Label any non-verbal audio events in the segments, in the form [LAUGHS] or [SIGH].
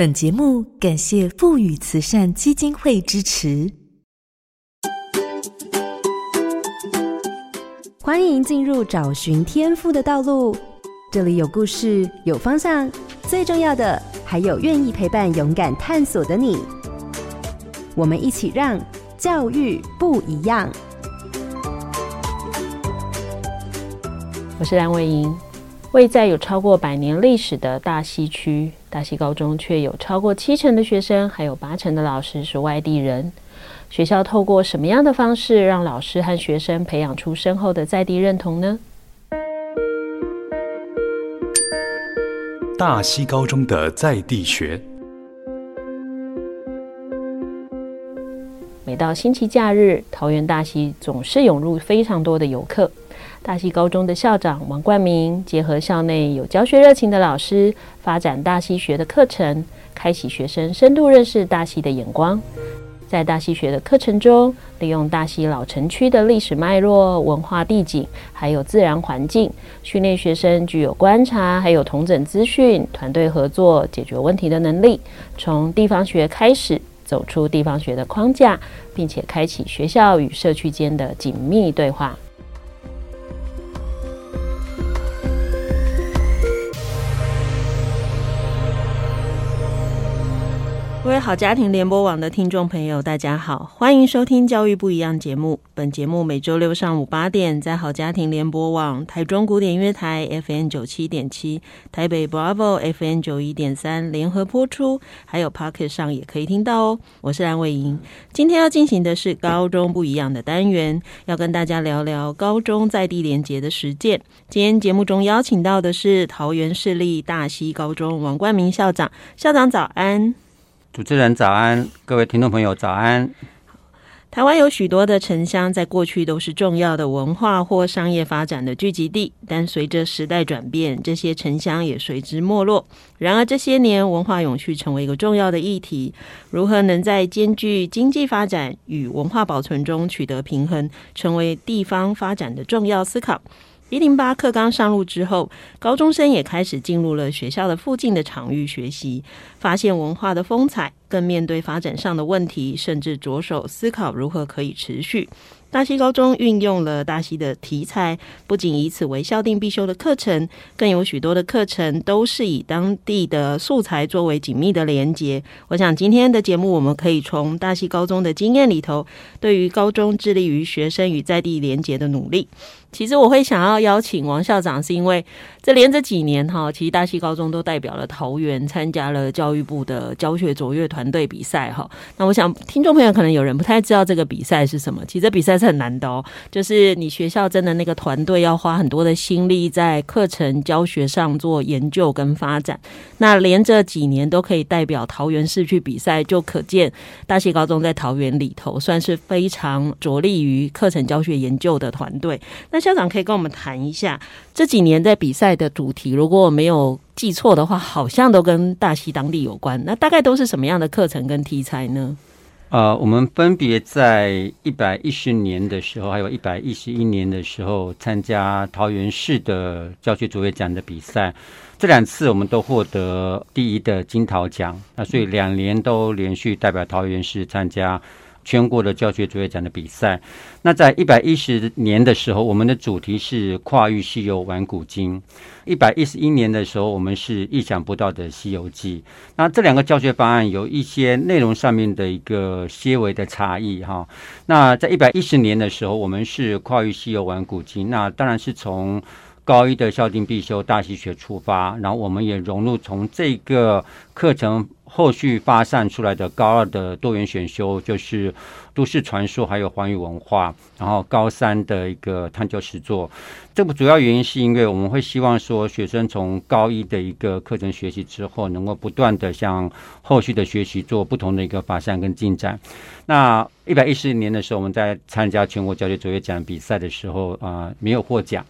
本節目感謝富宇慈善基金會支持。歡迎進入找尋天賦的道路，這裡有故事，有方向，最重要的還有願意陪伴、勇敢探索的你。我們一起讓教育不一樣。我是藍偉瑩。位在有超過百年歷史的大溪區，大溪高中卻有超過七成的學生，還有八成的老師是外地人。學校透過什麼樣的方式，讓老師和學生培養出深厚的在地認同呢？大溪高中的在地學，每到星期假日，桃園大溪總是湧入非常多的遊客。大溪高中的校長王冠銘結合校內有教學熱情的老師，發展大溪學的課程，開啟學生深度認識大溪的眼光。在大溪學的課程中，利用大溪老城區的歷史脈絡、文化地景，還有自然環境，訓練學生具有觀察，還有統整資訊、團隊合作、解決問題的能力。從地方學開始，走出地方學的框架，並且開啟學校與社區間的緊密對話。各位好，家庭聯播網的聽眾朋友，大家好，歡迎收聽《教育不一樣》節目。本節目每周六上午八點，在好家庭聯播網、台中古典樂台 FM 九七點七、台北 Bravo FM 九一點三聯合播出，還有 Pocket 上也可以聽到哦。我是藍偉瑩，今天要進行的是高中不一樣的單元，要跟大家聊聊高中在地連結的實踐。今天節目中邀請到的是桃園市立大溪高中王冠銘校長，校長早安。主持人早安，各位聽眾朋友早安。台灣有許多的城鄉，在過去都是重要的文化或商業發展的聚集地，但隨着時代轉變，這些城鄉也隨之沒落。然而這些年，文化永續成為一個重要的議題，如何能在兼具經濟發展與文化保存中取得平衡，成為地方發展的重要思考。一零八課綱上路之後，高中生也開始進入了學校的附近的場域學習，發現文化的風采，更面對發展上的問題，甚至着手思考如何可以持續。大溪高中運用了大溪的題材，不僅以此為校定必修的課程，更有許多的課程都是以當地的素材作為緊密的連結。我想今天的節目，我們可以從大溪高中的經驗裡頭，對於高中致力於學生與在地連結的努力。其實我會想要邀請王校長，是因為這連著幾年哈，其實大溪高中都代表了桃園參加了教育部的教學卓越團隊比賽哈。那我想聽眾朋友可能有人不太知道這個比賽是什麼，其實這比賽是很難的哦，就是你學校真的那個團隊要花很多的心力在課程教學上做研究跟發展。那連著幾年都可以代表桃園市去比賽，就可見大溪高中在桃園裡頭算是非常着力於課程教學研究的團隊。那校長可以跟我們談一下這幾年在比賽的主題，如果我沒有記錯的話，好像都跟大溪當地有關。那大概都是什麼樣的課程跟題材呢？呃，我們分別在一百一十年的時候，還有一百一十一年的時候參加桃園市的教學卓越獎的比賽，這兩次我們都獲得第一的金桃獎。那所以兩年都連續代表桃園市參加。全國的教學卓越獎的比賽，那在一百一十年的時候，我們的主題是《跨域西遊玩古今》；一百一十一年的時候，我們是意想不到的《西遊記》。那這兩個教學方案有一些內容上面的一個些微的差異哈。那在一百一十年的時候，我們是《跨域西遊玩古今》，那當然是從高一的校訂必修《大溪學》出發，然後我們也融入從這個課程。後續發散出來的高二的多元選修就是都市傳說還有環宇文化，然後高三的一個探究實作。這個主要原因是因為我們會希望說學生從高一的一個課程學習之後，能夠不斷地向後續的學習做不同的一個發散跟進展。那一百一十年的時候，我們在參加全國教學卓越獎比賽的時候啊、呃，沒有獲獎。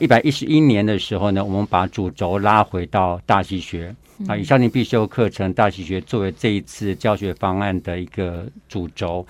一百一十一年的時候呢，我們把主軸拉回到大溪學。啊，以校訂必修課程《大溪學》作為這一次教學方案的一個主軸，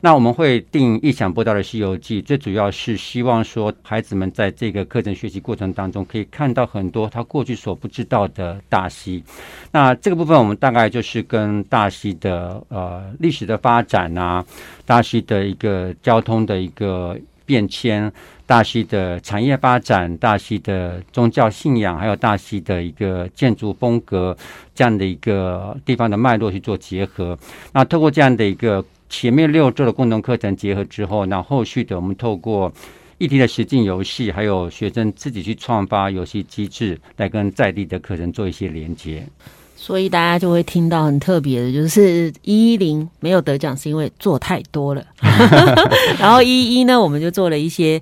那我們會定意想不到的《溪遊記》，最主要是希望說，孩子們在這個課程學習過程當中，可以看到很多他過去所不知道的大溪。那這個部分，我們大概就是跟大溪的呃歷史的發展啊，大溪的一個交通的一個。變遷、大溪的產業發展、大溪的宗教信仰，還有大溪的一個建築風格，這樣的一個地方的脈絡去做結合。那透過這樣的一個前面六周的共同課程結合之後，那後續的我們透過議題的實境遊戲，還有學生自己去創發遊戲機制，來跟在地的課程做一些連接。所以大家就會聽到很特別的，就是一一零沒有得獎，是因為做太多了 [LAUGHS] [LAUGHS] 然後一一一呢，我們就做了一些，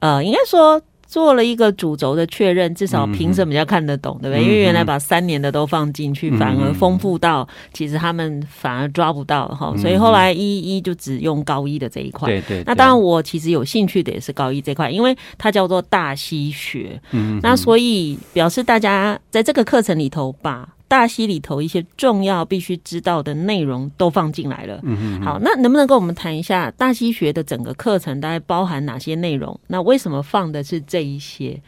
呃，應該說做了一個主軸的確認，至少評審比較看得懂，嗯、對不對、嗯。因為原來把三年的都放進去、嗯，反而豐富到、嗯、其實他們反而抓不到哈、嗯，所以後來一一一就只用高一的這一塊。對對、對。那當然，我其實有興趣的也是高一這塊，因為它叫做大溪學，嗯，那所以表示大家在這個課程裡頭吧。大溪裡頭一些重要必須知道的內容都放進來了。嗯嗯。好，那能不能跟我們談一下大溪學的整個課程大概包含哪些內容？那為什麼放的是這一些？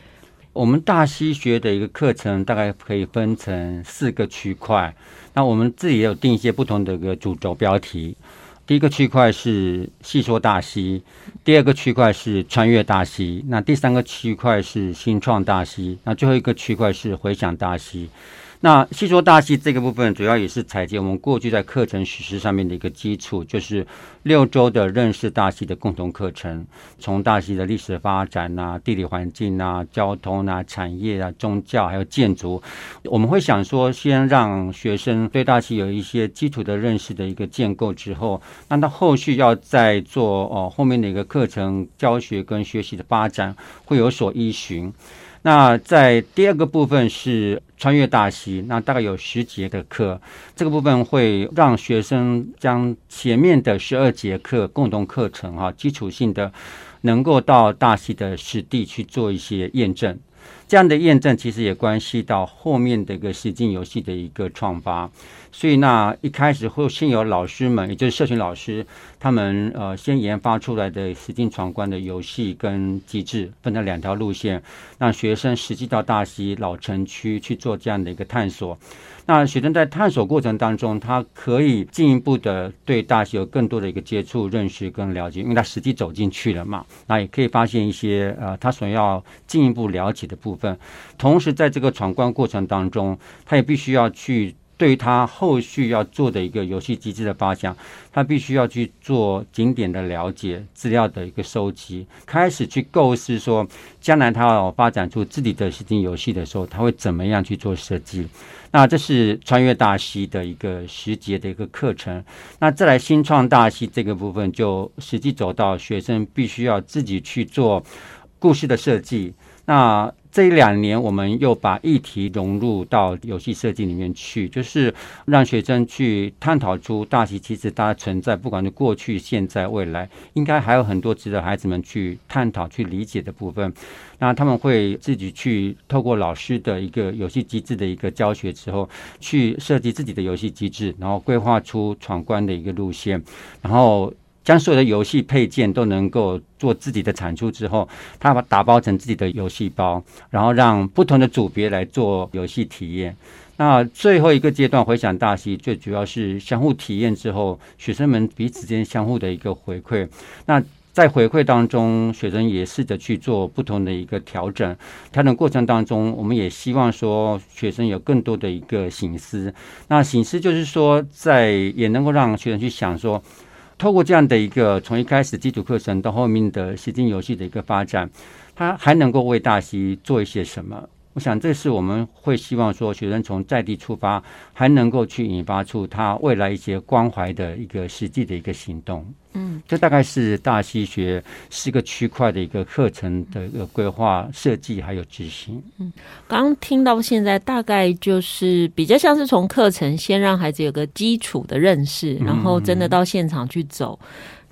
我們大溪學的一個課程大概可以分成四個區塊。那我們自己也有定一些不同的一個主軸標題。第一個區塊是細說大溪，第二個區塊是穿越大溪，那第三個區塊是新創大溪，那最後一個區塊是回想大溪。那細說大溪這個部分，主要也是採集我們過去在課程實施上面的一個基礎，就是六周的認識大溪的共同課程，從大溪的歷史發展啊、地理環境啊、交通啊、產業啊、宗教還有建築，我們會想說，先讓學生對大溪有一些基礎的認識的一個建構之後，那他後續要再做哦後面的一個課程教學跟學習的發展會有所依循。那在第二個部分是穿越大溪，那大概有十節的課，這個部分會讓學生將前面的十二節課共同課程哈、啊、基礎性的，能夠到大溪的實地去做一些驗證，這樣的驗證其實也關係到後面的一個實境遊戲的一個創發。所以，那一開始會先由老師們，也就是社群老師，他們呃先研發出來的實景闖關的遊戲跟機制，分成兩條路線，讓學生實際到大溪老城區去做這樣的一個探索。那學生在探索過程當中，他可以進一步的對大溪有更多的一個接觸、認識跟了解，因為他實際走進去了嘛。那也可以發現一些呃他所要進一步了解的部分。同時，在這個闖關過程當中，他也必須要去。對於他後續要做的一個遊戲機制的發展，他必須要去做景點的了解、資料的一個收集，開始去構思說將來他要發展出自己的實景遊戲的時候，他會怎麼樣去做設計？那這是穿越大溪的一個時節的一個課程。那再來新創大溪這個部分，就實際走到學生必須要自己去做故事的設計。那這兩年，我們又把議題融入到遊戲設計裡面去，就是讓學生去探討出大溪，其實它存在，不管是過去、現在、未來，應該還有很多值得孩子們去探討、去理解的部分。那他們會自己去透過老師的一個遊戲機制的一個教學之後，去設計自己的遊戲機制，然後規劃出闖關的一個路線，然後。將所有的遊戲配件都能夠做自己的產出之後，他把打包成自己的遊戲包，然後讓不同的組別來做遊戲體驗。那最後一個階段，回想大戲最主要是相互體驗之後，學生們彼此間相互的一個回饋。那在回饋當中，學生也試着去做不同的一個調整。調整過程當中，我們也希望說學生有更多的一個省思。那省思就是說，在也能夠讓學生去想說。透過這樣的一個從一開始基礎課程到後面的實踐遊戲的一個發展，他還能夠為大溪做一些什麼？我想，這是我們會希望說，學生從在地出發，還能夠去引發出他未來一些關懷的一個實際的一個行動。嗯，這大概是大溪學四個區塊的一個課程的一個規劃設計還有執行。嗯，剛聽到現在大概就是比較像是從課程先讓孩子有個基礎的認識，嗯，然後真的到現場去走。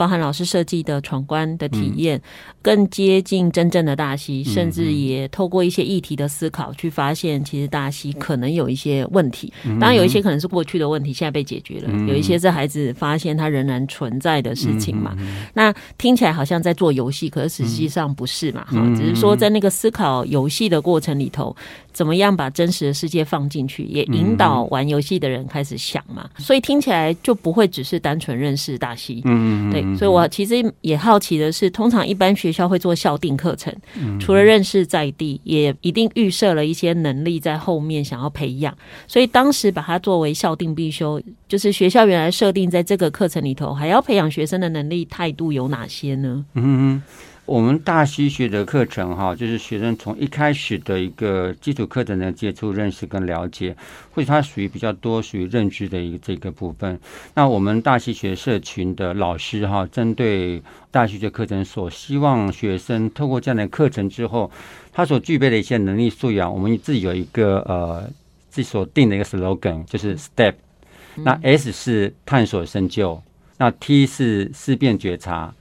包含老師設計的闖關的體驗、嗯，更接近真正的大溪、嗯嗯，甚至也透過一些議題的思考去發現，其實大溪可能有一些問題。嗯、當然，有一些可能是過去的問題，現在被解決了；嗯、有一些是孩子發現他仍然存在的事情嘛。嗯嗯嗯、那聽起來好像在做遊戲，可是實際上不是嘛。哈、嗯，只是說在那個思考遊戲的過程裡頭。怎麼樣把真實的世界放進去，也引導玩遊戲的人開始想嘛？嗯、所以聽起來就不會只是單純認識大溪。嗯嗯嗯，對嗯。所以我其實也好奇的是，通常一般學校會做校定課程，除了認識在地，也一定預設了一些能力在後面想要培養。所以當時把它作為校定必修，就是學校原來設定在這個課程裡頭，還要培養學生的能力、態度有哪些呢？嗯嗯。我們大溪學的課程哈，就是學生從一開始的一個基礎課程的接觸、認識跟了解，或者他屬於比較多屬於認知的一個這個部分。那我們大溪學社群的老師哈，針對大溪學的課程所希望學生透過這樣的課程之後，他所具備的一些能力素養，我們自己有一個呃，自己所定的一個 slogan，就是 step。那 S 是探索深究，那 T 是思辨覺察。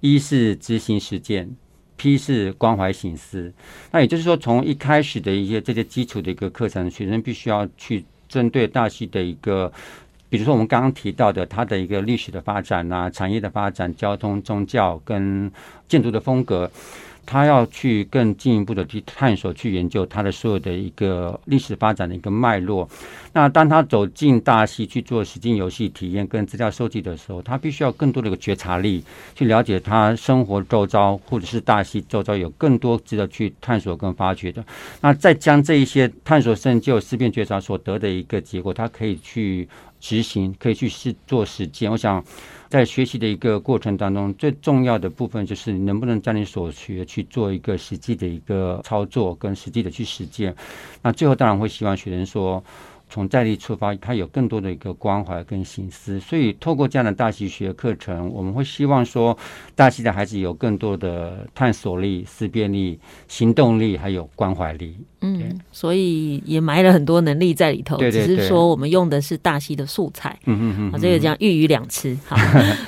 一、e、是執行實踐，P 是關懷省思。那也就是說，從一開始的一些這些基礎的一個課程，學生必須要去針對大溪的一個，比如說我們剛剛提到的它的一個歷史的發展吶、啊，產業的發展，交通、宗教跟建築的風格。他要去更進一步的去探索，去研究他的所有的一個歷史發展的一個脈絡。那當他走進大溪去做實境遊戲體驗跟資料收集的時候，他必須要更多的一個覺察力，去了解他生活周遭或者是大溪周遭有更多值得去探索跟發掘的。那再將這一些探索、探究、思辨、覺察所得的一個結果，他可以去執行，可以去試做實踐。我想。在學習的一個過程當中，最重要的部分就是你能不能將你所學去做一個實際的一個操作，跟實際的去實踐。那最後當然會希望學生說。從在地出發，他有更多的一個關懷跟心思，所以透過這樣的大溪學課程，我們會希望說，大溪的孩子有更多的探索力、思辨力、行動力，還有關懷力。嗯，所以也埋了很多能力在裡頭。對對對，只是說我們用的是大溪的素材。對對對嗯哼，嗯嗯，這個叫一魚兩吃，哈，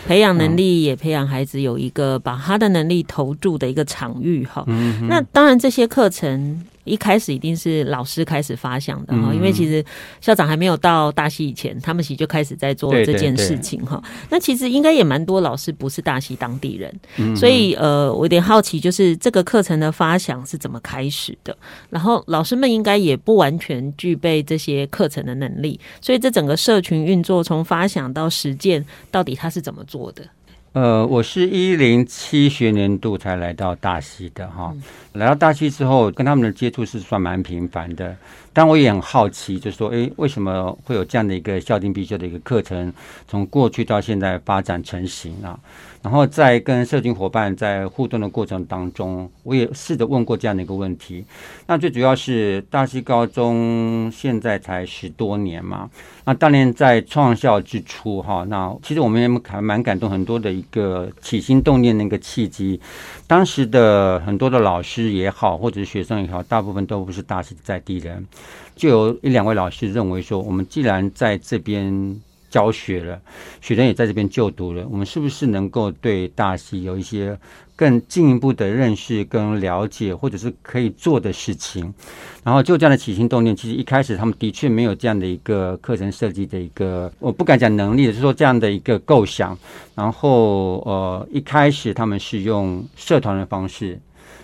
培養能力也培養孩子有一個把他的能力投注的一個場域，哈、嗯。嗯嗯嗯。那當然，這些課程。一開始一定是老師開始發想的哈，嗯，因為其實校長還沒有到大溪以前，他們其實就開始在做這件事情哈。那其實應該也蠻多老師不是大溪當地人，嗯，所以呃，我有點好奇，就是這個課程的發想是怎麼開始的？然後老師們應該也不完全具備這些課程的能力，所以這整個社群運作從發想到實踐，到底他是怎麼做的？呃，我是一零七學年度才來到大溪的哈、嗯，來到大溪之後，跟他們的接觸是算蠻頻繁的，但我也很好奇，就是說，哎，為什麼會有這樣的一個校訂必修的一個課程，從過去到現在發展成型啊？然後在跟社群夥伴在互動的過程當中，我也試着問過這樣的一個問題。那最主要是大溪高中現在才十多年嘛，那當年在創校之初，哈，那其實我們也蠻感動很多的一個起心動念的一個契機。當時的很多的老師也好，或者學生也好，大部分都不是大溪在地人，就有一兩位老師認為說，我們既然在這邊。教學了，學生也在這邊就讀了。我們是不是能夠對大溪有一些更進一步的認識跟了解，或者是可以做的事情？然後就這樣的起心動念，其實一開始他們的確沒有這樣的一個課程設計的一個，我不敢講能力，只是說這樣的一個構想。然後呃，一開始他們是用社團的方式。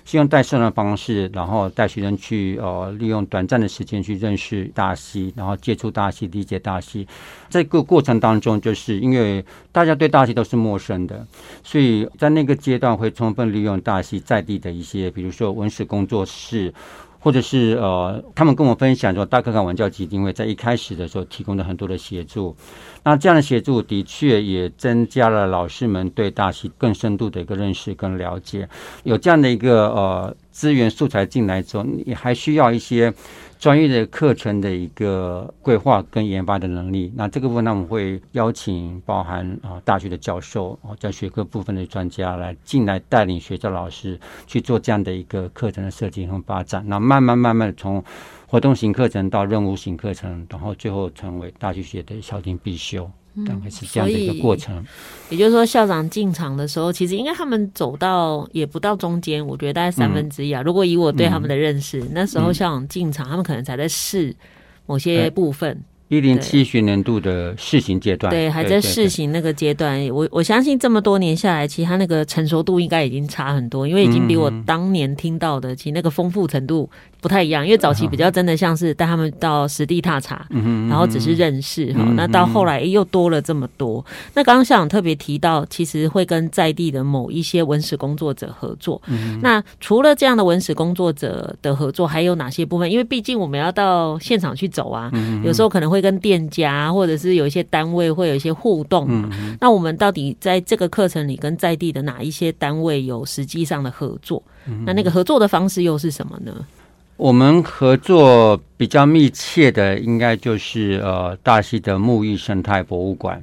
是用帶生的方式，然後帶學生去呃，利用短暫的時間去認識大溪，然後接觸大溪，理解大溪。這個過程當中，就是因為大家對大溪都是陌生的，所以在那個階段會充分利用大溪在地的一些，比如說文史工作室。或者是呃，他們跟我分享說，大嵙崁文教基金會在一開始的時候提供了很多的協助，那這樣的協助的確也增加了老師們對大溪更深度的一個認識跟了解。有這樣的一個呃資源素材進來之後，你還需要一些。專業的課程的一個規劃跟研發的能力，那這個部分呢，我們會邀請包含啊大學的教授啊、在學科部分的專家來進來帶領學校老師去做這樣的一個課程的設計和發展，那慢慢慢慢的從活動型課程到任務型課程，然後最後成為大學學的校定必修。剛開始這樣的一個過程，嗯、也就是說，校長進場的時候，其實應該他們走到也不到中間，我覺得大概三分之一、啊嗯。如果以我對他們的認識，嗯、那時候校長進場、嗯，他們可能才在試某些部分。一零七學年度的試行階段，對，還在試行那個階段。對對對，我我相信這麼多年下來，其實他那個成熟度應該已經差很多，因為已經比我當年聽到的，嗯、其實那個豐富程度。不太一樣，因為早期比較真的像是帶他們到實地踏查，嗯、然後只是認識哈、嗯哦。那到後來、欸、又多了這麼多。那剛剛校長特別提到，其實會跟在地的某一些文史工作者合作、嗯。那除了這樣的文史工作者的合作，還有哪些部分？因為畢竟我們要到現場去走啊，嗯、有時候可能會跟店家、啊、或者是有一些單位會有一些互動嘛、啊嗯、那我們到底在這個課程裡跟在地的哪一些單位有實際上的合作、嗯？那那個合作的方式又是什麼呢？我們合作比較密切的，應該就是呃，大溪的木藝生態博物館。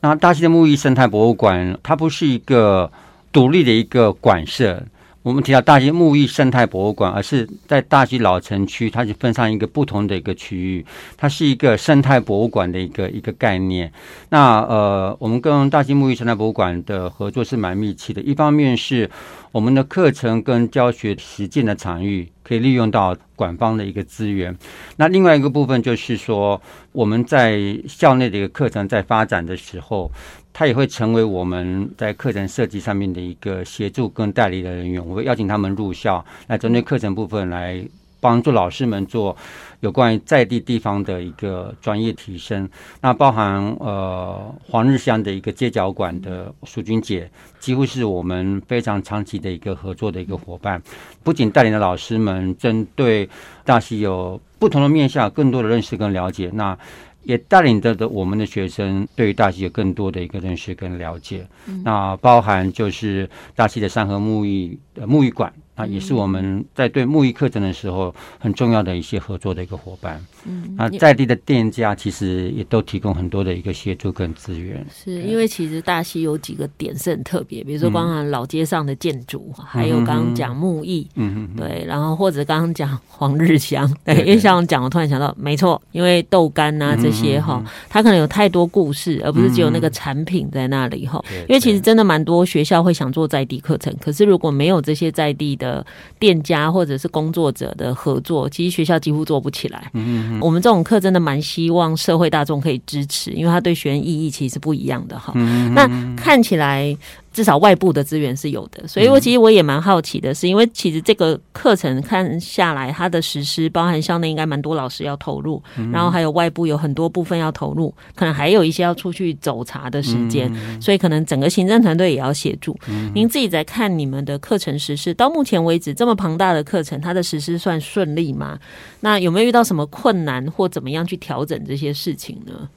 那大溪的木藝生態博物館，它不是一個獨立的一個館舍。我們提到大溪木藝生態博物館，而是在大溪老城區，它是分上一個不同的一個區域，它是一個生態博物館的一個一個概念。那呃，我們跟大溪木藝生態博物館的合作是蠻密切的，一方面是我們的課程跟教學實踐的場域可以利用到館方的一個資源，那另外一個部分就是說，我們在校內的一個課程在發展的時候。他也會成為我們在課程設計上面的一個協助跟代理的人員。我會邀請他們入校，來針對課程部分來幫助老師們做有關於在地地方的一個專業提升。那包含呃黃日香的一個街角館的淑君姐，幾乎是我們非常長期的一個合作的一個夥伴。不僅帶領了老師們針對大溪有不同的面向，更多的認識跟了解。那也帶領着的我們的學生對於大溪有更多的一個認識跟了解，嗯、那包含就是大溪的山河木藝、呃、木藝館。啊，也是我們在對木藝課程的時候很重要的一些合作的一個夥伴。嗯，那、啊、在地的店家其實也都提供很多的一個協助跟資源。是因為其實大溪有幾個點是很特別，比如說包含老街上的建築、嗯，還有剛剛講木藝，嗯，對，嗯、然後或者剛剛講黃日香對對對，因為像我講我突然想到，沒錯，因為豆干吶、啊、這些哈、嗯哦嗯，它可能有太多故事，而不是只有那個產品在那裡。哈、嗯嗯，因為其實真的蠻多學校會想做在地課程，對對對，可是如果沒有這些在地的店家或者是工作者的合作，其實學校幾乎做不起來。嗯，我們這種課真的蠻希望社會大眾可以支持，因為他對學員意義其實是不一樣的哈、嗯。那看起來。至少外部的資源是有的，所以我其實我也蠻好奇的是，是、嗯、因為其實這個課程看下來，它的實施包含校內應該蠻多老師要投入、嗯，然後還有外部有很多部分要投入，可能還有一些要出去走查的時間、嗯，所以可能整個行政團隊也要協助、嗯。您自己在看你們的課程實施，到目前為止這麼龐大的課程，它的實施算順利嗎？那有沒有遇到什麼困難，或怎麼樣去調整這些事情呢？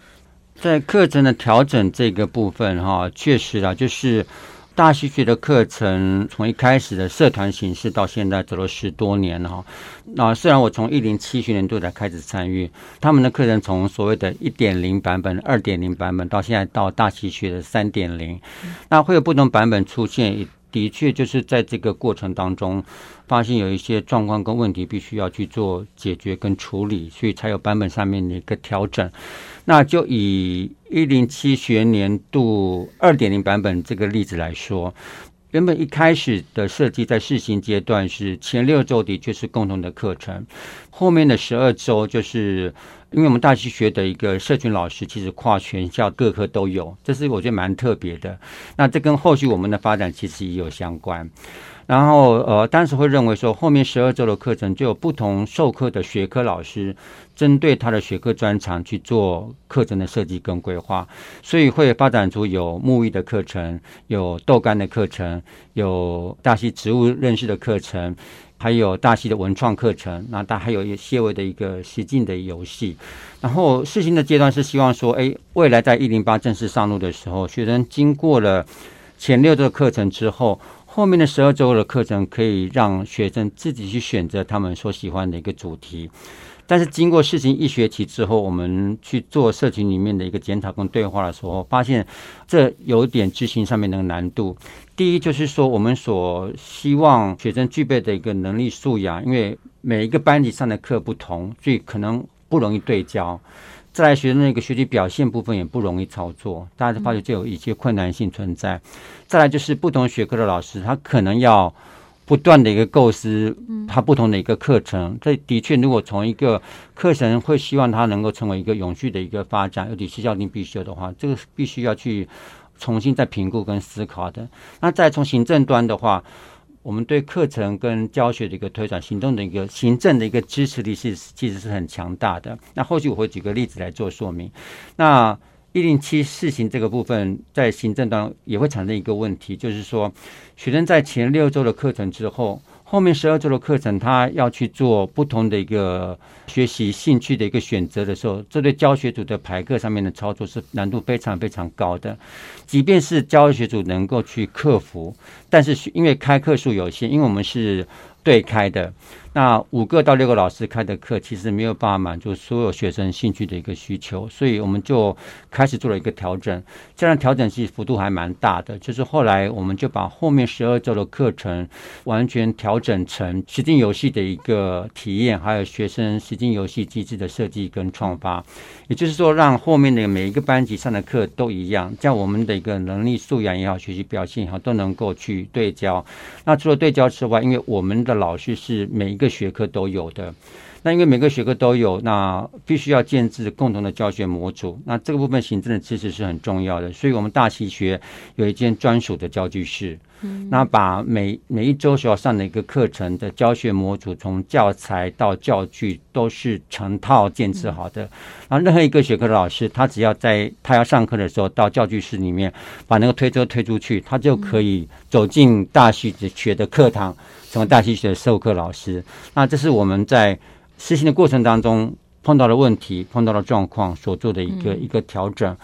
在課程的調整這個部分，哈、啊，確實啊，就是大溪學的課程從一開始的社團形式到現在走了十多年了。哈、啊，那雖然我從一零七學年度才開始參與他們的課程，從所謂的一點零版本、二點零版本到現在到大溪學的三點零，那會有不同版本出現，也的確就是在這個過程當中發現有一些狀況跟問題，必須要去做解決跟處理，所以才有版本上面的一個調整。那就以一零七學年度二點零版本這個例子來說，原本一開始的設計在試行階段是前六周的確是共同的課程，後面的十二周就是因為我們大溪學的一個社群老師，其實跨全校各科都有，這是我覺得蠻特別的。那這跟後續我們的發展其實也有相關。然後呃，當時會認為說，後面十二周的課程就有不同授課的學科老師。針對他的學科專長去做課程的設計跟規劃，所以會發展出有木藝的課程、有豆干的課程、有大溪植物認識的課程，還有大溪的文創課程。那它還有一些位的一個實境的遊戲。然後試行的階段是希望說，誒，未來在一零八正式上路的時候，學生經過了前六周的課程之後，後面的十二周的課程可以讓學生自己去選擇他們所喜歡的一個主題。但是經過事情一學期之後，我們去做社群裡面的一個檢討跟對話的時候，發現這有點執行上面的難度。第一就是說，我們所希望學生具備的一個能力素養，因為每一個班級上的課不同，所以可能不容易對焦。再來，學生那個學習表現部分也不容易操作，大家就發覺就有一些困難性存在，嗯。再來就是不同學科的老師，他可能要。不斷的一個構思，它不同的一個課程，這的確，如果從一個課程會希望它能夠成為一個永續的一個發展，尤其是教你必修的話，這個必須要去重新再評估跟思考的。那再從行政端的話，我們對課程跟教學的一個推展行動的一個行政的一個支持力是其實是很強大的。那後續我會舉個例子來做說明。那一零七試行這個部分，在行政端也會產生一個問題，就是說，學生在前六週的課程之後，後面十二週的課程，他要去做不同的一個學習興趣的一個選擇的時候，這對教學組的排課上面的操作是難度非常非常高的。即便是教學組能夠去克服，但是因為開課數有限，因為我們是對開的。那五個到六個老師開的課，其實沒有辦法滿足所有學生興趣的一個需求，所以我們就開始做了一個調整。這樣調整其實幅度還蠻大的，就是後來我們就把後面十二周的課程完全調整成實境遊戲的一個體驗，還有學生實境遊戲機制的設計跟創發。也就是說，讓後面的每一個班級上的課都一樣，這樣我們的一個能力素養也好，學習表現也好，都能夠去對焦。那除了對焦之外，因為我們的老師是每一個。各學科都有的，那因為每個學科都有，那必須要建置共同的教學模組。那這個部分行政的支持是很重要的，所以我們大溪學有一間專屬的教具室。那把每每一周需要上的一個課程的教學模組，從教材到教具都是成套建置好的。那任何一個學科的老師，他只要在他要上課的時候，到教具室裡面把那個推車推出去，他就可以走進大溪學的課堂。成為大溪學的授課老師、嗯，那這是我們在實行的過程當中碰到的問題、碰到的狀況所做的一個、嗯、一個調整。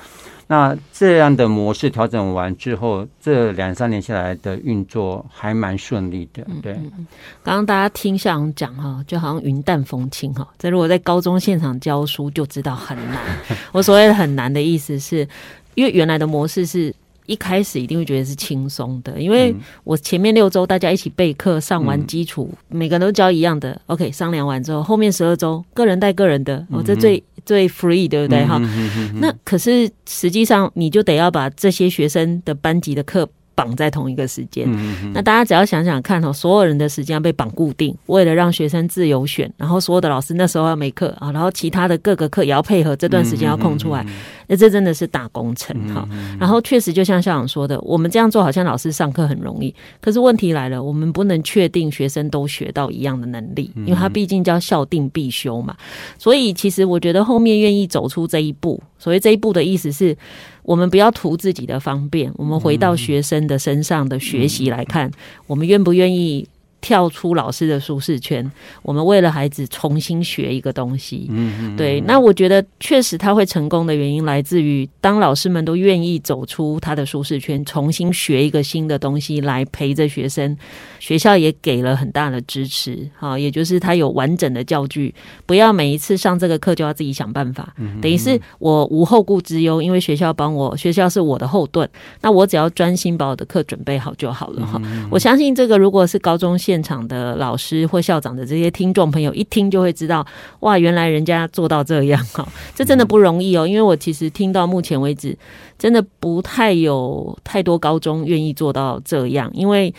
那這樣的模式調整完之後，這兩三年下來的運作還蠻順利的。對，嗯嗯、剛剛大家聽校長講哈、啊，就好像雲淡風輕哈、啊。這如果在高中現場教書，就知道很難。 [LAUGHS] 我所謂的很難的意思是，因為原來的模式是。一開始一定會覺得是輕鬆的，因為我前面六周大家一起備課，上完基礎、嗯，每個人都教一樣的、嗯，OK，商量完之後，後面十二周個人帶個人的，我、嗯哦、這最最 free，對不對？哈、嗯，那可是實際上你就得要把這些學生的班級的課。綁在同一個時間，那大家只要想想看哦，所有人的時間要被綁固定，為了讓學生自由選，然後所有的老師那時候要沒課啊，然後其他的各個課也要配合這段時間要空出來，那 [LAUGHS] 這真的是大工程哈。 [LAUGHS] 然後確實，就像校長說的，我們這樣做好像老師上課很容易，可是問題來了，我們不能確定學生都學到一樣的能力，因為他畢竟叫校定必修嘛。所以其實我覺得後面願意走出這一步，所以這一步的意思是，我們不要圖自己的方便，我們回到學生的身上的學習來看，我們願不願意？跳出老師的舒適圈，我們為了孩子重新學一個東西。嗯，對。那我覺得確實他會成功的原因，來自於當老師們都願意走出他的舒適圈，重新學一個新的東西來陪着學生。學校也給了很大的支持，哈，也就是他有完整的教具，不要每一次上這個課就要自己想辦法。等於是我無後顧之憂，因為學校幫我，學校是我的後盾。那我只要專心把我的課準備好就好了，哈。我相信這個，如果是高中線現場的老師或校長的這些聽眾朋友一聽就會知道，哇，原來人家做到這樣，喔，這真的不容易哦，喔，因為我其實聽到目前為止，真的不太有太多高中願意做到這樣，因為。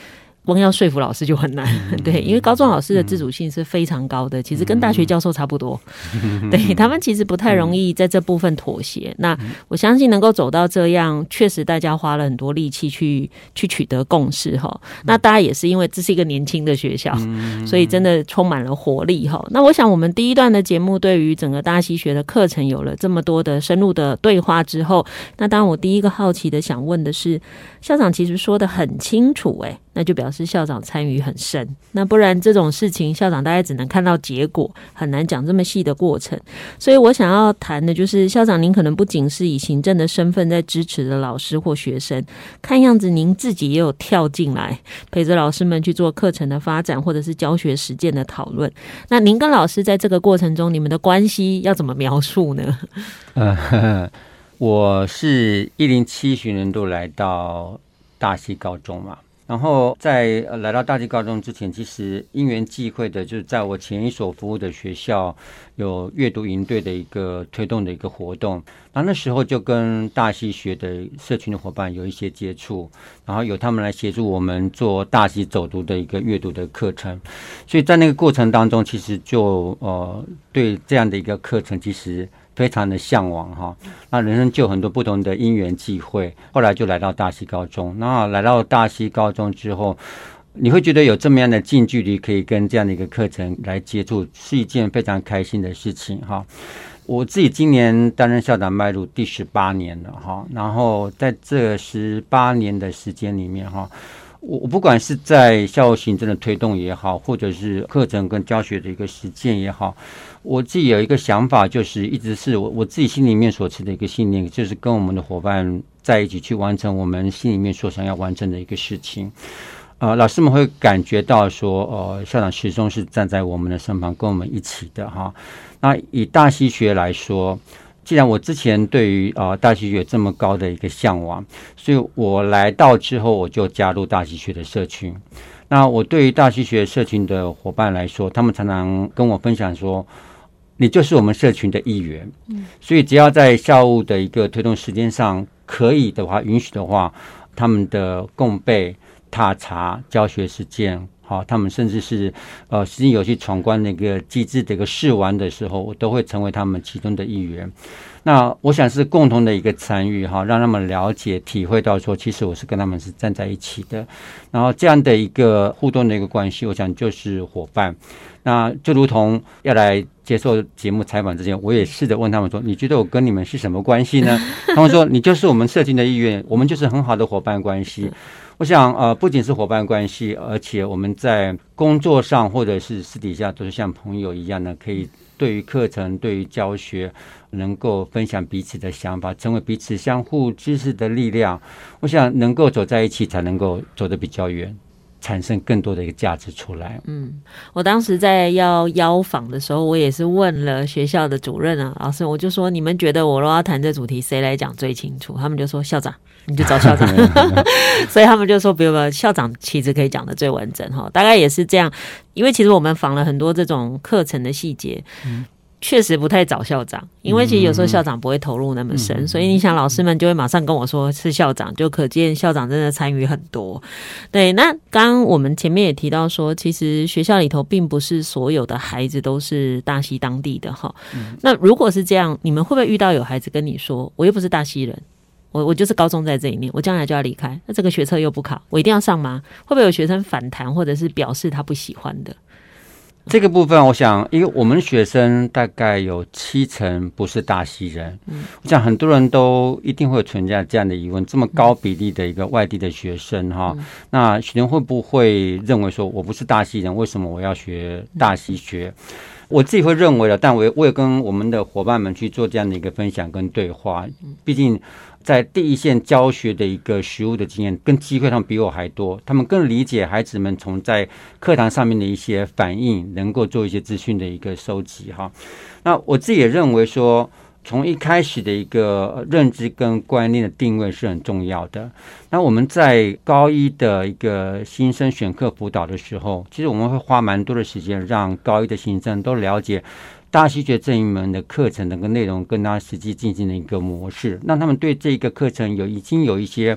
光要說服老師就很難，對，因為高中老師的自主性是非常高的，嗯、其實跟大學教授差不多。對，他們其實不太容易在這部分妥協、嗯。那我相信能夠走到這樣，確實大家花了很多力氣去去取得共識哈、嗯。那大家也是因為這是一個年輕的學校，所以真的充滿了活力哈。那我想我們第一段的節目對於整個大溪學的課程有了這麼多的深入的對話之後，那當然我第一個好奇的想問的是，校長其實說得很清楚、欸，誒。那就表示校長參與很深，那不然這種事情校長大概只能看到結果，很難講這麼細的過程。所以我想要談的就是，校長您可能不僅是以行政的身份在支持的老師或學生，看樣子您自己也有跳進來，陪着老師們去做課程的發展或者是教學實踐的討論。那您跟老師在這個過程中，你們的關係要怎麼描述呢？呃，呵呵我是一零七學年度來到大溪高中嘛。然後在呃來到大溪高中之前，其實因緣際會的，就是在我前一所服務的學校有閱讀營隊的一個推動的一個活動，然後那時候就跟大溪學的社群的夥伴有一些接觸，然後由他們來協助我們做大溪走讀的一個閱讀的課程，所以在那個過程當中，其實就呃對這樣的一個課程，其實。非常的嚮往哈，那人生就很多不同的因緣際會，後來就來到大溪高中。那來到大溪高中之後，你會覺得有這麼樣的近距離可以跟這樣的一個課程來接觸，是一件非常開心的事情哈。我自己今年擔任校長邁入第十八年了哈，然後在這十八年的時間裡面哈。我我不管是在校行政的推動也好，或者是課程跟教學的一個實踐也好，我自己有一個想法，就是一直是我我自己心裡面所持的一個信念，就是跟我們的伙伴在一起去完成我們心裡面所想要完成的一個事情。啊、呃，老師們會感覺到說，呃，校長始終是站在我們的身旁，跟我們一起的哈。那以大溪學來說。既然我之前對於啊大溪學這麼高的一個嚮往，所以我來到之後我就加入大溪學的社群。那我對於大溪學社群的夥伴來說，他們常常跟我分享說：“你就是我們社群的一員。”嗯，所以只要在下午的一個推動時間上可以的話，允許的話，他們的共備、踏查、教學實踐。啊，他們甚至是呃，實際遊戲闖關的一個機制的一個試玩的時候，我都會成為他們其中的一員。那我想是共同的一個參與哈，讓他們了解、體會到說，其實我是跟他們是站在一起的。然後這樣的一個互動的一個關係，我想就是夥伴。那就如同要來接受節目採訪之前，我也試着問他們說：“你覺得我跟你們是什麼關係呢？” [LAUGHS] 他們說：“你就是我們設定的意願，我們就是很好的夥伴關係。”我想，呃，不僅是伙伴關係，而且我們在工作上或者是私底下都是像朋友一樣的，可以對於課程、對於教學，能夠分享彼此的想法，成為彼此相互支持的力量。我想能夠走在一起，才能夠走得比較遠，產生更多的一個價值出來。嗯，我當時在要邀訪的時候，我也是問了學校的主任啊、老師，我就說，你們覺得我若要談這主題，誰來講最清楚？他們就說校長。你就找校長、 [LAUGHS] 啊，啊啊、 [LAUGHS] 所以他們就說：“比如說校長其實可以講得最完整哈，大概也是這樣。因為其實我們訪了很多這種課程的細節，確、嗯、實不太找校長，因為其實有時候校長不會投入那麼深。嗯、所以你想，老師們就會馬上跟我說是校長，嗯嗯、就可見校長真的參與很多。對，那剛剛我們前面也提到說，其實學校裡頭並不是所有的孩子都是大溪當地的哈、嗯。那如果是這樣，你們會不會遇到有孩子跟你說，我又不是大溪人？”我我就是高中在這裡念，我將來就要離開。那這個學測又不考，我一定要上嗎？會不會有學生反彈，或者是表示他不喜歡的？這個部分，我想，因為我們的學生大概有七成不是大溪人，嗯，我想很多人都一定會存在這樣的疑問：這麼高比例的一個外地的學生哈，哈、嗯，那學生會不會認為說我不是大溪人，為什麼我要學大溪學？我自己會認為的。但我我也跟我們的伙伴們去做這樣的一個分享跟對話，畢竟。在第一線教學的一個實務的經驗跟機會上比我還多，他們更理解孩子們從在課堂上面的一些反應，能夠做一些資訊的一個收集哈。那我自己也認為說，從一開始的一個認知跟觀念的定位是很重要的。那我們在高一的一個新生選課輔導的時候，其實我們會花蠻多的時間，讓高一的新生都了解。大溪學這一門的課程的個內容跟他實際進行的一個模式，讓他們對這個課程有已經有一些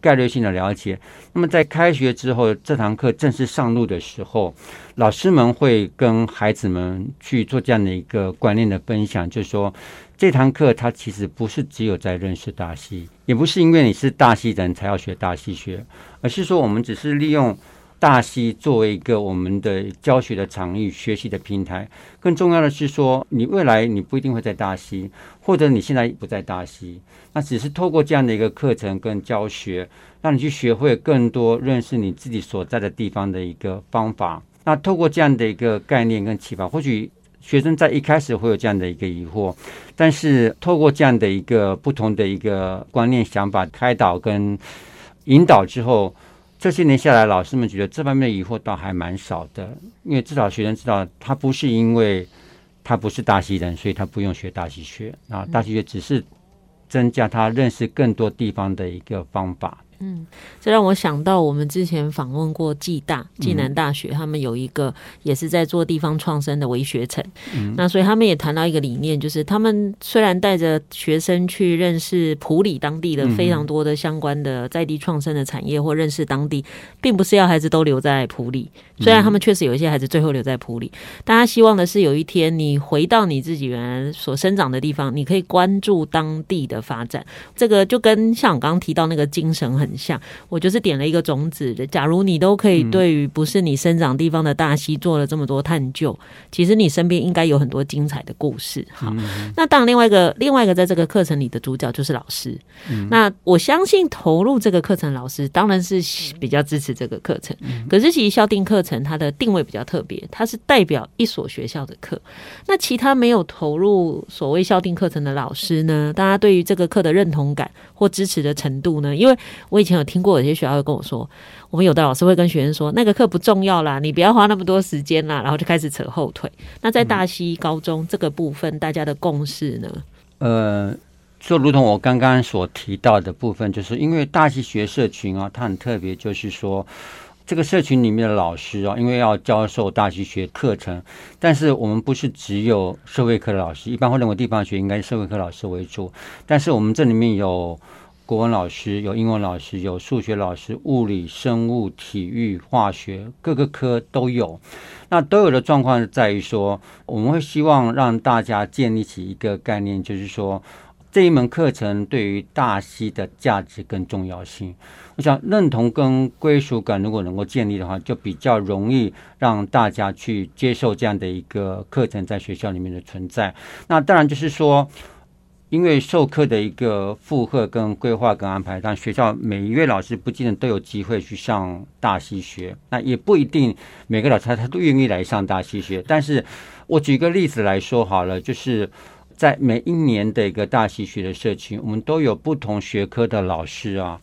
概略性的了解。那麼在開學之後，這堂課正式上路的時候，老師們會跟孩子們去做這樣的一個觀念的分享，就是說這堂課它其實不是只有在認識大溪，也不是因為你是大溪人才要學大溪學，而是說我們只是利用。大溪作為一個我們的教學的場域、學習的平台，更重要的是說，你未來你不一定會在大溪，或者你現在不在大溪，那只是透過這樣的一個課程跟教學，讓你去學會更多認識你自己所在的地方的一個方法。那透過這樣的一個概念跟啟發，或許學生在一開始會有這樣的一個疑惑，但是透過這樣的一個不同的一個觀念、想法開導跟引導之後，這些年下來，老師們覺得這方面的疑惑倒還蠻少的，因為至少學生知道他不是因為他不是大溪人，所以他不用學大溪學。啊，大溪學只是增加他認識更多地方的一個方法。嗯，這讓我想到我們之前訪問過暨大、暨南大學、嗯，他們有一個也是在做地方創生的微學程、嗯。那所以他們也談到一個理念，就是他們雖然帶着學生去認識埔里當地的非常多的相關的在地創生的產業、嗯，或認識當地，並不是要孩子都留在埔里。雖然他們確實有一些孩子最後留在埔里，大、嗯、家希望的是有一天你回到你自己原來所生長的地方，你可以關注當地的發展。這個就跟像我剛剛提到那個精神很。很像，我就是點了一個種子的。假如你都可以對於不是你生長地方的大溪做了這麼多探究，嗯、其實你身邊應該有很多精彩的故事。好，嗯、那當然另外一個另外一個在這個課程裡的主角就是老師。嗯、那我相信投入這個課程老師當然是比較支持這個課程。可是其實校定課程它的定位比較特別，它是代表一所學校的課。那其他沒有投入所謂校定課程的老師呢？大家對於這個課的認同感或支持的程度呢？因為我。我以前有聽過有些學校會跟我說，我們有的老師會跟學生說那個課不重要啦，你不要花那麼多時間啦，然後就開始扯後腿。那在大溪高中這個部分，大家的共識呢？嗯、呃，就如同我剛剛所提到的部分，就是因為大溪學社群啊，它很特別，就是說這個社群裡面的老師啊，因為要教授大溪學課程，但是我們不是只有社會科的老師，一般會認為地方學應該社會科老師為主，但是我們這裡面有。國文老師有，英文老師有，數學老師、物理、生物、體育、化學，各個科都有。那都有的狀況是在於說，我們會希望讓大家建立起一個概念，就是說這一門課程對於大溪的價值跟重要性。我想認同跟歸屬感如果能夠建立的話，就比較容易讓大家去接受這樣的一個課程在學校裡面的存在。那當然就是說。因為授課的一個負荷、跟規劃、跟安排，但學校每一位老師不見得都有機會去上大溪學，那也不一定每個老師他都願意來上大溪學。但是我舉一個例子來說好了，就是在每一年的一個大溪學的社群，我們都有不同學科的老師啊。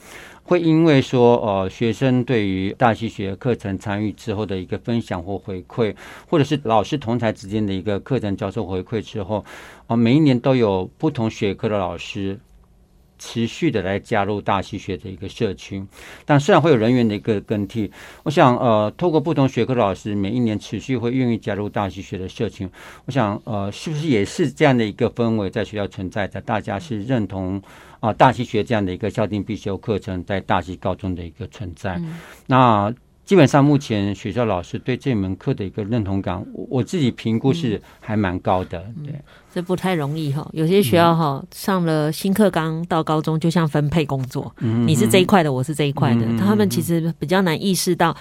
會因為說，呃，學生對於大溪學課程參與之後的一個分享或回饋，或者是老師同儕之間的一個課程教授回饋之後，啊、呃，每一年都有不同學科的老師。持續的來加入大溪學的一個社群，但雖然會有人員的一個更替，我想呃，透過不同學科老師，每一年持續會願意加入大溪學的社群，我想呃，是不是也是這樣的一個氛圍在學校存在的？大家是認同啊、呃，大溪學這樣的一個校訂必修課程在大溪高中的一個存在，嗯、那。基本上，目前學校老師對這門課的一個認同感，我，我自己評估是還蠻高的。嗯、對，這、嗯、不太容易哈。有些學校哈，上了新課綱，到高中，就像分配工作，嗯、你是這一塊的，我是這一塊的、嗯，他們其實比較難意識到。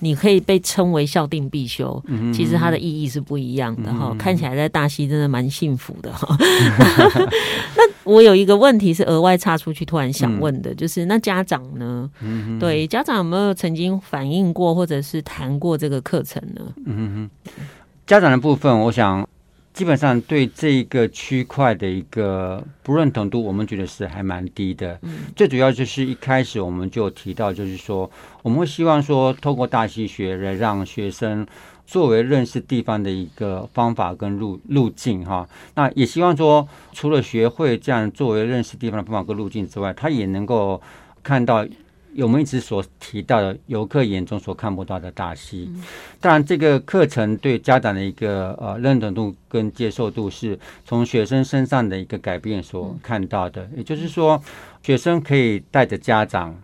你可以被稱為校訂必修，嗯，其實它的意義是不一樣的哈，嗯。看起來在大溪真的蠻幸福的哈。 [LAUGHS] [LAUGHS] 那我有一個問題是額外插出去，突然想問的，嗯，就是那家長呢？嗯嗯，對家長有沒有曾經反映過，或者是談過這個課程呢？嗯，家長的部分，我想。基本上對這個區塊的一個不認同度，我們覺得是還蠻低的。最主要就是一開始我們就提到，就是說我們會希望說，透過大溪學來讓學生作為認識地方的一個方法跟路路徑哈。那也希望說，除了學會這樣作為認識地方的方法跟路徑之外，他也能夠看到。有我們一直所提到的遊客眼中所看不到的大溪。當然這個課程對家長的一個呃認同度跟接受度是從學生身上的一個改變所看到的，也就是說，學生可以帶着家長。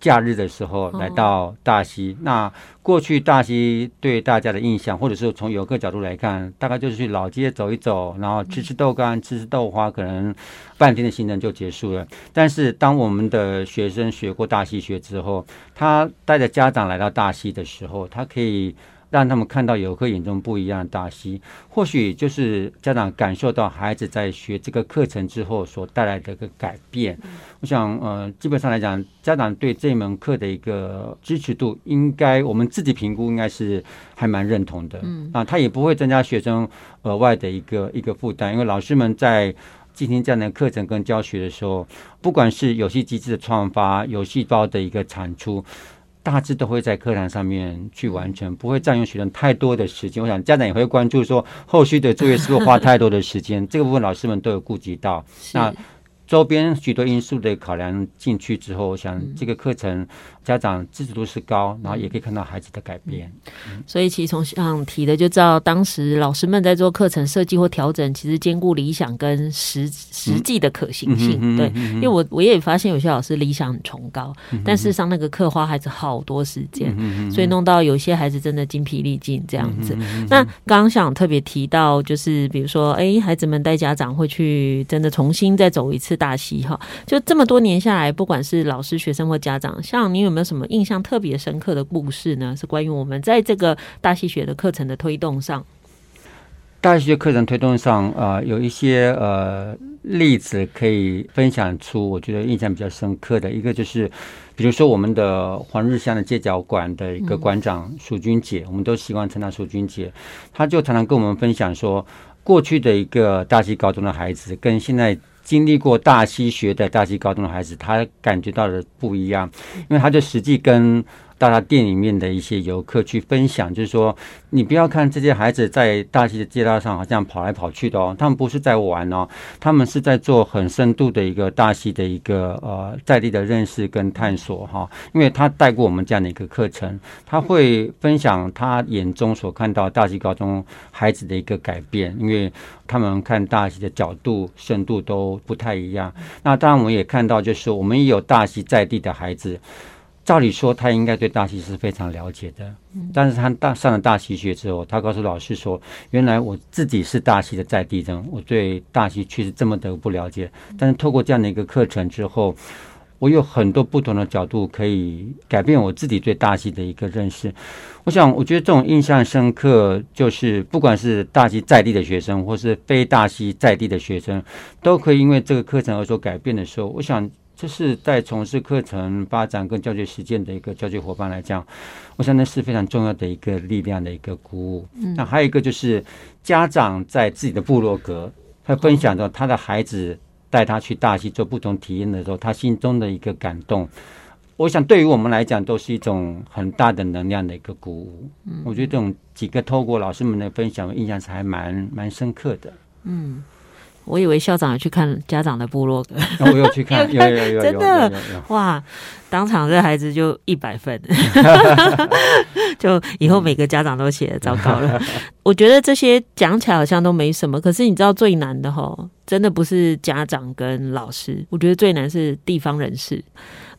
假日的時候來到大溪，oh. 那過去大溪對大家的印象，或者是從遊客角度來看，大概就是去老街走一走，然後吃吃豆乾、吃吃豆花，可能半天的行程就結束了。但是當我們的學生學過大溪學之後，他帶着家長來到大溪的時候，他可以。讓他們看到遊客眼中不一樣的大溪，或許就是家長感受到孩子在學這個課程之後所帶來的一個改變。嗯、我想，呃，基本上來講，家長對這門課的一個支持度，應該我們自己評估，應該是還蠻認同的。嗯，啊，他也不會增加學生額外的一個一個負擔，因為老師們在進行這樣的課程跟教學的時候，不管是遊戲機制的創發、遊戲包的一個產出。大致都會在課堂上面去完成，不會占用學生太多的時間。我想家長也會關注說，說後續的作業是不是花太多的時間。 [LAUGHS] 這個部分老師們都有顧及到， [LAUGHS] 那周邊許多因素的考量進去之後，我想這個課程。家長自主度是高，然後也可以看到孩子的改變。所以其實從想提的就知道，當時老師們在做課程設計或調整，其實兼顧理想跟實實際的可行性。嗯嗯嗯、對，因為我我也發現有些老師理想很崇高，嗯、但是上那個課花孩子好多時間，嗯，所以弄到有些孩子真的精疲力盡這樣子。嗯嗯嗯、那剛，剛想特別提到，就是比如說，哎，孩子們帶家長會去，真的重新再走一次大溪哈，就這麼多年下來，不管是老師、學生或家長，像你有沒有？有什麼印象特別深刻的故事呢？是關於我們在這個大溪學的課程的推動上，大溪學課程推動上呃，有一些呃例子可以分享出，我覺得印象比較深刻的一個就是，比如說我們的黃日香的街角館的一個館長淑、嗯、君姐，我們都習慣稱她淑君姐，她就常常跟我們分享說，過去的一個大溪高中的孩子跟現在。經歷過大溪學的大溪高中的孩子，他感覺到的不一樣，因為他就實際跟。到他店裡面的一些遊客去分享，就是說，你不要看這些孩子在大溪的街道上好像跑來跑去的哦，他們不是在玩哦，他們是在做很深度的一個大溪的一個呃在地的認識跟探索哈、哦。因為他帶過我們這樣的一個課程，他會分享他眼中所看到大溪高中孩子的一個改變，因為他們看大溪的角度深度都不太一樣。那當然我們也看到，就是說我們也有大溪在地的孩子。照理說，他應該對大溪是非常了解的。但是他大上了大溪學之後，他告訴老師說：“原來我自己是大溪的在地人，我對大溪確實這麼的不了解。但是透過這樣的一個課程之後，我有很多不同的角度可以改變我自己對大溪的一個認識。我想，我覺得這種印象深刻，就是不管是大溪在地的學生，或是非大溪在地的學生，都可以因為這個課程而所改變的時候，我想。”這是在從事課程發展跟教學實踐的一個教學夥伴來講，我想那是非常重要的一個力量的一個鼓舞。嗯。那還有一個就是家長在自己的部落格，他分享到他的孩子帶他去大溪做不同體驗的時候，他心中的一個感動，我想對於我們來講都是一種很大的能量的一個鼓舞。嗯，我覺得這種幾個透過老師們的分享，印象是還蠻蠻深刻的。嗯。我以為校長要去看家長的部落格、哦、我又去看， [LAUGHS] 看看真的，哇！當場這個孩子就一百分， [LAUGHS] [LAUGHS] [LAUGHS] [LAUGHS] 就以後每個家長都寫的糟糕了。 [LAUGHS] 我覺得這些講起來好像都沒什麼，可是你知道最難的哦，真的不是家長跟老師，我覺得最難是地方人士。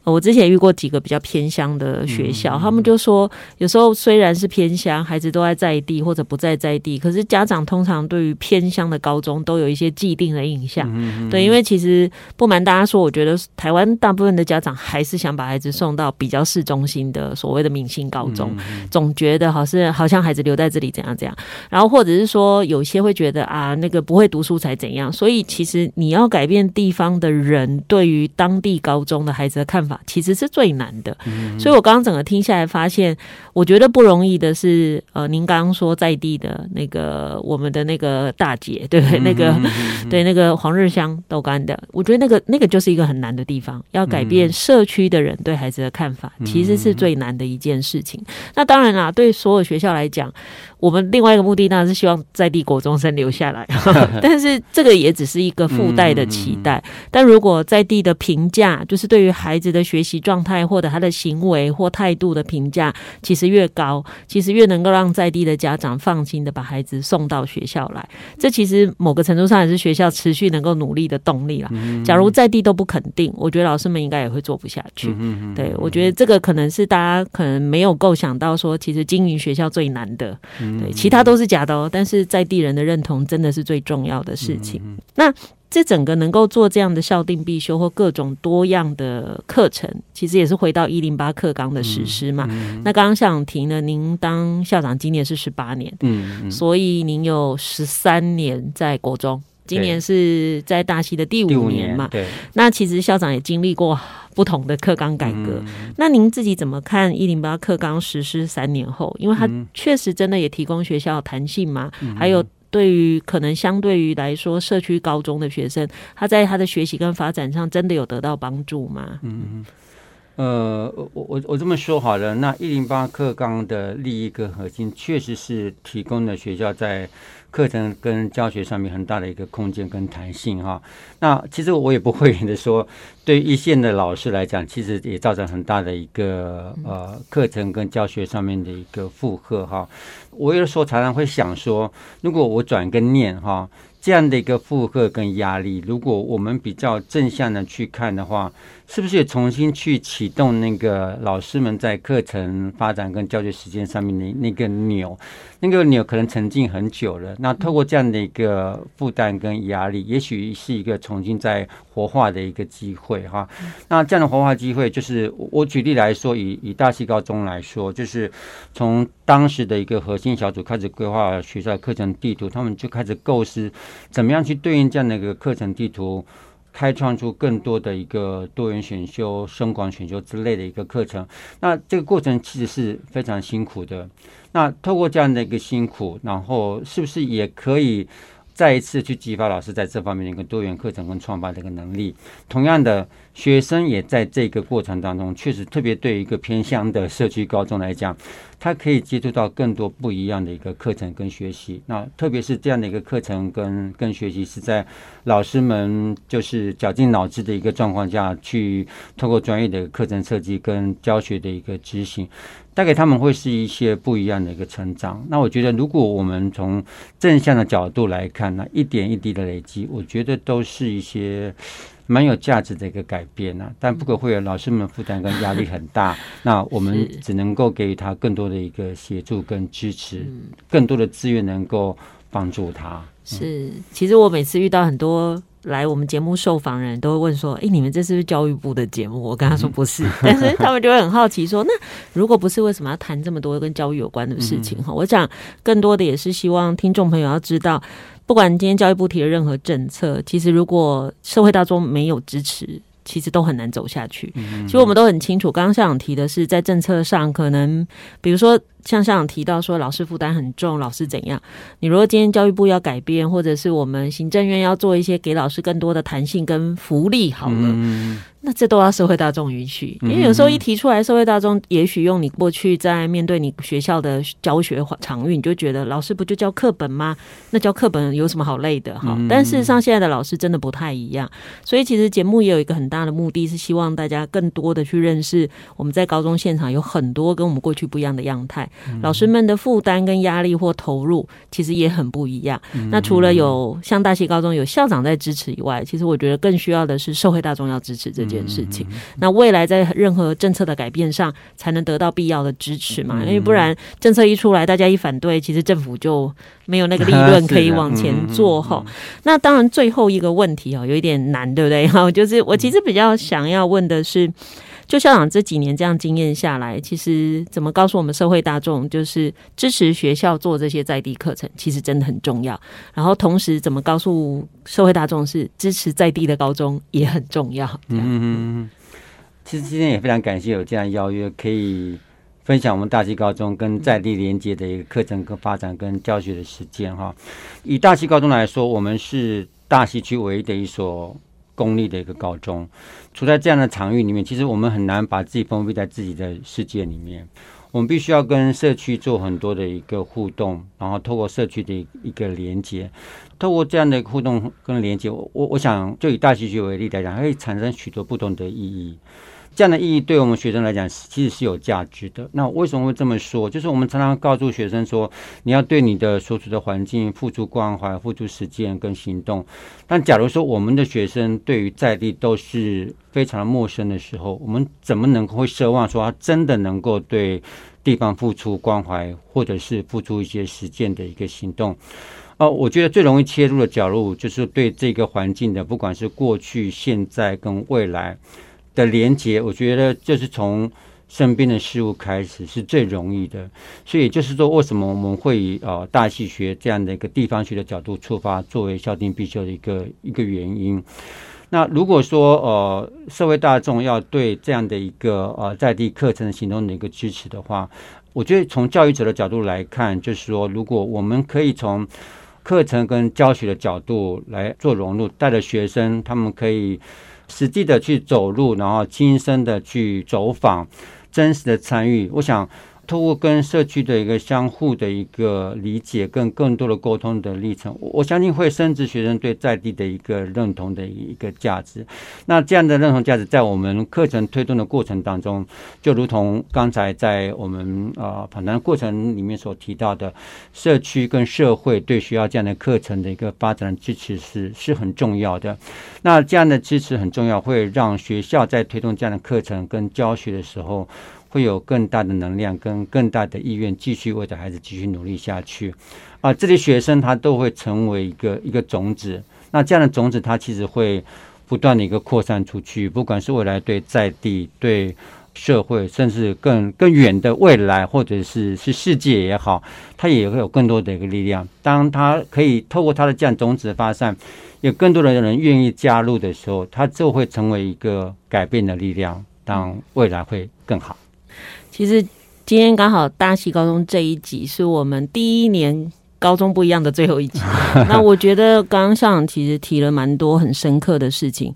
我之前遇過幾個比較偏鄉的學校，嗯嗯嗯他們就說，有時候雖然是偏鄉，孩子都在在地或者不在在地，可是家長通常對於偏鄉的高中都有一些既定的印象。嗯嗯嗯對，因為其實不瞞大家說，我覺得台灣大部分的家長還是想把孩子送到比較市中心的所謂的明星高中，嗯嗯嗯總覺得好像好像孩子留在這裡怎樣怎樣，然後或者是說有些會覺得啊，那個不會讀書才怎樣，所以其實你要改變地方的人對於當地高中的孩子的看法。其實是最難的，嗯，所以我剛剛整個聽下來，發現我覺得不容易的是，呃，您剛剛說在地的那個我們的那個大姐，對不對？嗯、那個對那個黃日香豆乾的，我覺得那個那個就是一個很難的地方，要改變社區的人對孩子的看法，嗯，其實是最難的一件事情。那當然啦，啊，對所有學校來講。我們另外一個目的呢，是希望在地國中生留下來， [LAUGHS] 但是這個也只是一個附帶的期待。但如果在地的評價，就是對於孩子的學習狀態或者他的行為或態度的評價，其實越高，其實越能夠讓在地的家長放心的把孩子送到學校來。這其實某個程度上也是學校持續能夠努力的動力啦。假如在地都不肯定，我覺得老師們應該也會做不下去。對，我覺得這個可能是大家可能沒有構想到說，其實經營學校最難的。對，其他都是假的哦。但是在地人的認同真的是最重要的事情。嗯、那這整個能夠做這樣的校訂必修或各種多樣的課程，其實也是回到一零八課綱的實施嘛。嗯、那剛剛校長提了，您當校長今年是十八年，所以您有十三年在國中，今年是在大溪的第、第五年嘛？對。那其實校長也經歷過不同的課綱改革。嗯、那您自己怎麼看一零八課綱實施三年後？因為它確實真的也提供學校彈性嘛。嗯、還有對於可能相對於來說，社區高中的學生，他、嗯、在他的學習跟發展上，真的有得到幫助嗎？嗯呃，我我我我這麼說好了。那一零八課綱的另一個核心，確實是提供了學校在課程跟教學上面很大的一個空間跟彈性哈，那其實我也不會的說，對一線的老師來講，其實也造成很大的一個呃，課程跟教學上面的一個負荷哈。我有時候常常會想說，如果我轉個念哈，這樣的一個負荷跟壓力，如果我們比較正向的去看的話。是不是也重新去啟動那個老師們在課程發展跟教學時間上面的那個鈕？那個鈕可能沉浸很久了。那透過這樣的一個負擔跟壓力，也許是一個重新再活化的一個機會哈。那這樣的活化機會，就是我舉例來說，以以大溪高中來說，就是從當時的一個核心小組開始規劃學校的課程地圖，他們就開始構思怎麼樣去對應這樣的一個課程地圖，開創出更多的一個多元選修、深廣選修之類的一個課程，那這個過程其實是非常辛苦的。那透過這樣的一個辛苦，然後是不是也可以？再一次去激發老師在這方面的一個多元課程跟創發的一個能力。同樣的，學生也在這個過程當中，確實特別對一個偏鄉的社區高中來講，他可以接觸到更多不一樣的一個課程跟學習。那特別是這樣的一個課程跟跟學習是在老師們就是絞盡腦汁的一個狀況下去，通過專業的課程設計跟教學的一個執行。帶給他們會是一些不一樣的一個成長。那我覺得，如果我們從正向的角度來看呢、啊，一點一滴的累積，我覺得都是一些蠻有價值的一個改變呢、啊。但不可諱言，老師們負擔跟壓力很大、嗯。那我們只能夠給予他更多的一個協助跟支持，嗯、更多的資源能夠幫助他、嗯。是，其實我每次遇到很多。來我們節目受訪人都會問說：“哎，你們這是不是教育部的節目？”我跟他說不是， [LAUGHS] 但是他們就會很好奇說：“那如果不是，為什麼要談這麼多跟教育有關的事情？”哈、嗯，我想更多的也是希望聽眾朋友要知道，不管今天教育部提的任何政策，其實如果社會大眾沒有支持，其實都很難走下去。嗯、其實我們都很清楚，剛剛校長提的是在政策上，可能比如說。像校長提到說，老師負擔很重，老師怎樣？你如果今天教育部要改變，或者是我們行政院要做一些給老師更多的彈性跟福利，好了，嗯，那這都要社會大眾允許，因為有時候一提出來，社會大眾也許用你過去在面對你學校的教學場域，你就覺得老師不就教課本嗎？那教課本有什麼好累的？哈。但事實上，現在的老師真的不太一樣。所以，其實節目也有一個很大的目的是希望大家更多的去認識，我們在高中現場有很多跟我們過去不一樣的樣態。嗯、老師們的負擔跟壓力或投入，其實也很不一樣。嗯、那除了有像大溪高中有校長在支持以外，其實我覺得更需要的是社會大眾要支持這件事情、嗯。那未來在任何政策的改變上，才能得到必要的支持嘛、嗯。因為不然政策一出來，大家一反對，其實政府就沒有那個利潤可以往前做吼、嗯，那當然，最後一個問題哦，有一點難，對不對？哈，就是我其實比較想要問的是。就校長這幾年這樣經驗下來，其實怎麼告訴我們社會大眾，就是支持學校做這些在地課程，其實真的很重要。然後同時怎麼告訴社會大眾是支持在地的高中也很重要。嗯，其實今天也非常感謝有這樣邀約，可以分享我們大溪高中跟在地連接的一個課程跟發展跟教學的時間。哈。以大溪高中來說，我們是大溪區唯一的一所，公立的一個高中，處在這樣的場域裡面，其實我們很難把自己封閉在自己的世界裡面。我們必須要跟社區做很多的一個互動，然後透過社區的一個連接，透過這樣的互動跟連接，我我，我想就以大溪區為例來講，它會產生許多不同的意義。這樣的意義對我們學生來講，其實是有價值的。那為什麼會這麼說？就是我們常常告訴學生說，你要對你的所處的環境付出關懷、付出實踐跟行動。但假如說我們的學生對於在地都是非常的陌生的時候，我們怎麼能夠奢望說他真的能夠對地方付出關懷，或者是付出一些實踐的一個行動？哦、呃，我覺得最容易切入的角度就是對這個環境的，不管是過去、現在跟未來的連接，我覺得就是從身邊的事物開始是最容易的，所以就是說，為什麼我們會以呃大溪學這樣的一個地方學的角度出發，作為校訂必修的一個一個原因。那如果說呃社會大眾要對這樣的一個呃在地課程行動的一個支持的話，我覺得從教育者的角度來看，就是說，如果我們可以從課程跟教學的角度來做融入，帶着學生，他們可以。實際的去走路，然後親身的去走訪，真實的參與，我想。通過跟社區的一個相互的一個理解，跟更多的溝通的歷程，我相信會深植學生對在地的一個認同的一個價值。那這樣的認同價值，在我們課程推動的過程當中，就如同剛才在我們啊訪談過程裡面所提到的，社區跟社會對學校這樣的課程的一個發展的支持是是很重要的。那這樣的支持很重要，會讓學校在推動這樣的課程跟教學的時候，會有更大的能量跟更大的意願，繼續為着孩子繼續努力下去。啊，這些學生他都會成為一個一個種子。那這樣的種子，它其實會不斷的一個擴散出去，不管是未來對在地、對社會，甚至更更遠的未來，或者是是世界也好，它也會有更多的一個力量。當他可以透過他的這樣種子發散，有更多的人願意加入的時候，他就會成為一個改變的力量，當未來會更好。其實今天剛好大溪高中這一集是我們第一年。高中不一樣的最後一集， [LAUGHS] 那我覺得剛剛校長其實提了蠻多很深刻的事情，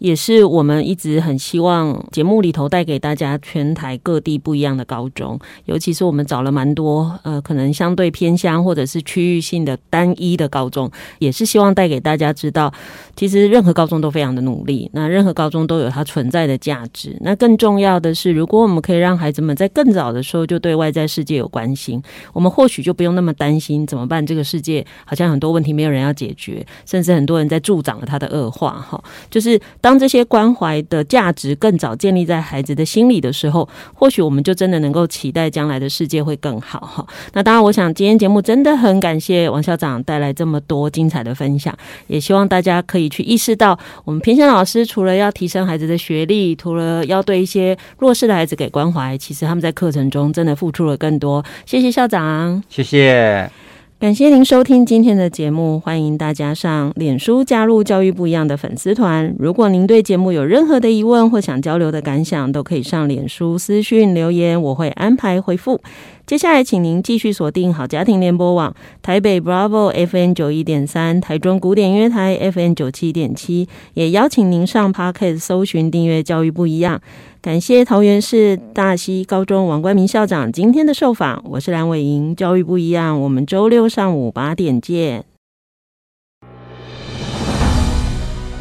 也是我們一直很希望節目裡頭帶給大家全台各地不一樣的高中，尤其是我們找了蠻多呃可能相對偏鄉或者是區域性的單一的高中，也是希望帶給大家知道，其實任何高中都非常的努力，那任何高中都有它存在的價值，那更重要的是，如果我們可以讓孩子們在更早的時候就對外在世界有關心，我們或許就不用那麼擔心怎麼。辦，這個世界好像很多問題沒有人要解決，甚至很多人在助長了他的惡化。哈，就是當這些關懷的價值更早建立在孩子的心裡的時候，或許我們就真的能夠期待將來的世界會更好。哈，那當然，我想今天節目真的很感謝王校長帶來這麼多精彩的分享，也希望大家可以去意識到，我們偏鄉老師除了要提升孩子的學歷，除了要對一些弱勢的孩子給關懷，其實他們在課程中真的付出了更多。謝謝校長，謝謝。感謝您收聽今天的節目，歡迎大家上臉書加入“教育不一樣”的粉絲團。如果您對節目有任何的疑問或想交流的感想，都可以上臉書私訊留言，我會安排回復。接下來，請您繼續鎖定好家庭聯播網、台北 Bravo FM 九一點三、台中古典音樂台 FM 九七點七，也邀請您上 Podcast 搜尋訂閱“教育不一樣”。感謝桃園市大溪高中王冠銘校長今天的受訪，我是藍偉瑩。教育不一樣，我們週六上午八點見。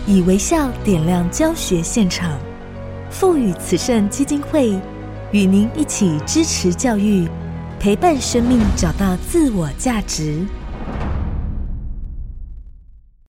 以微笑點亮教學現場，富宇慈善基金會與您一起支持教育，陪伴生命找到自我價值。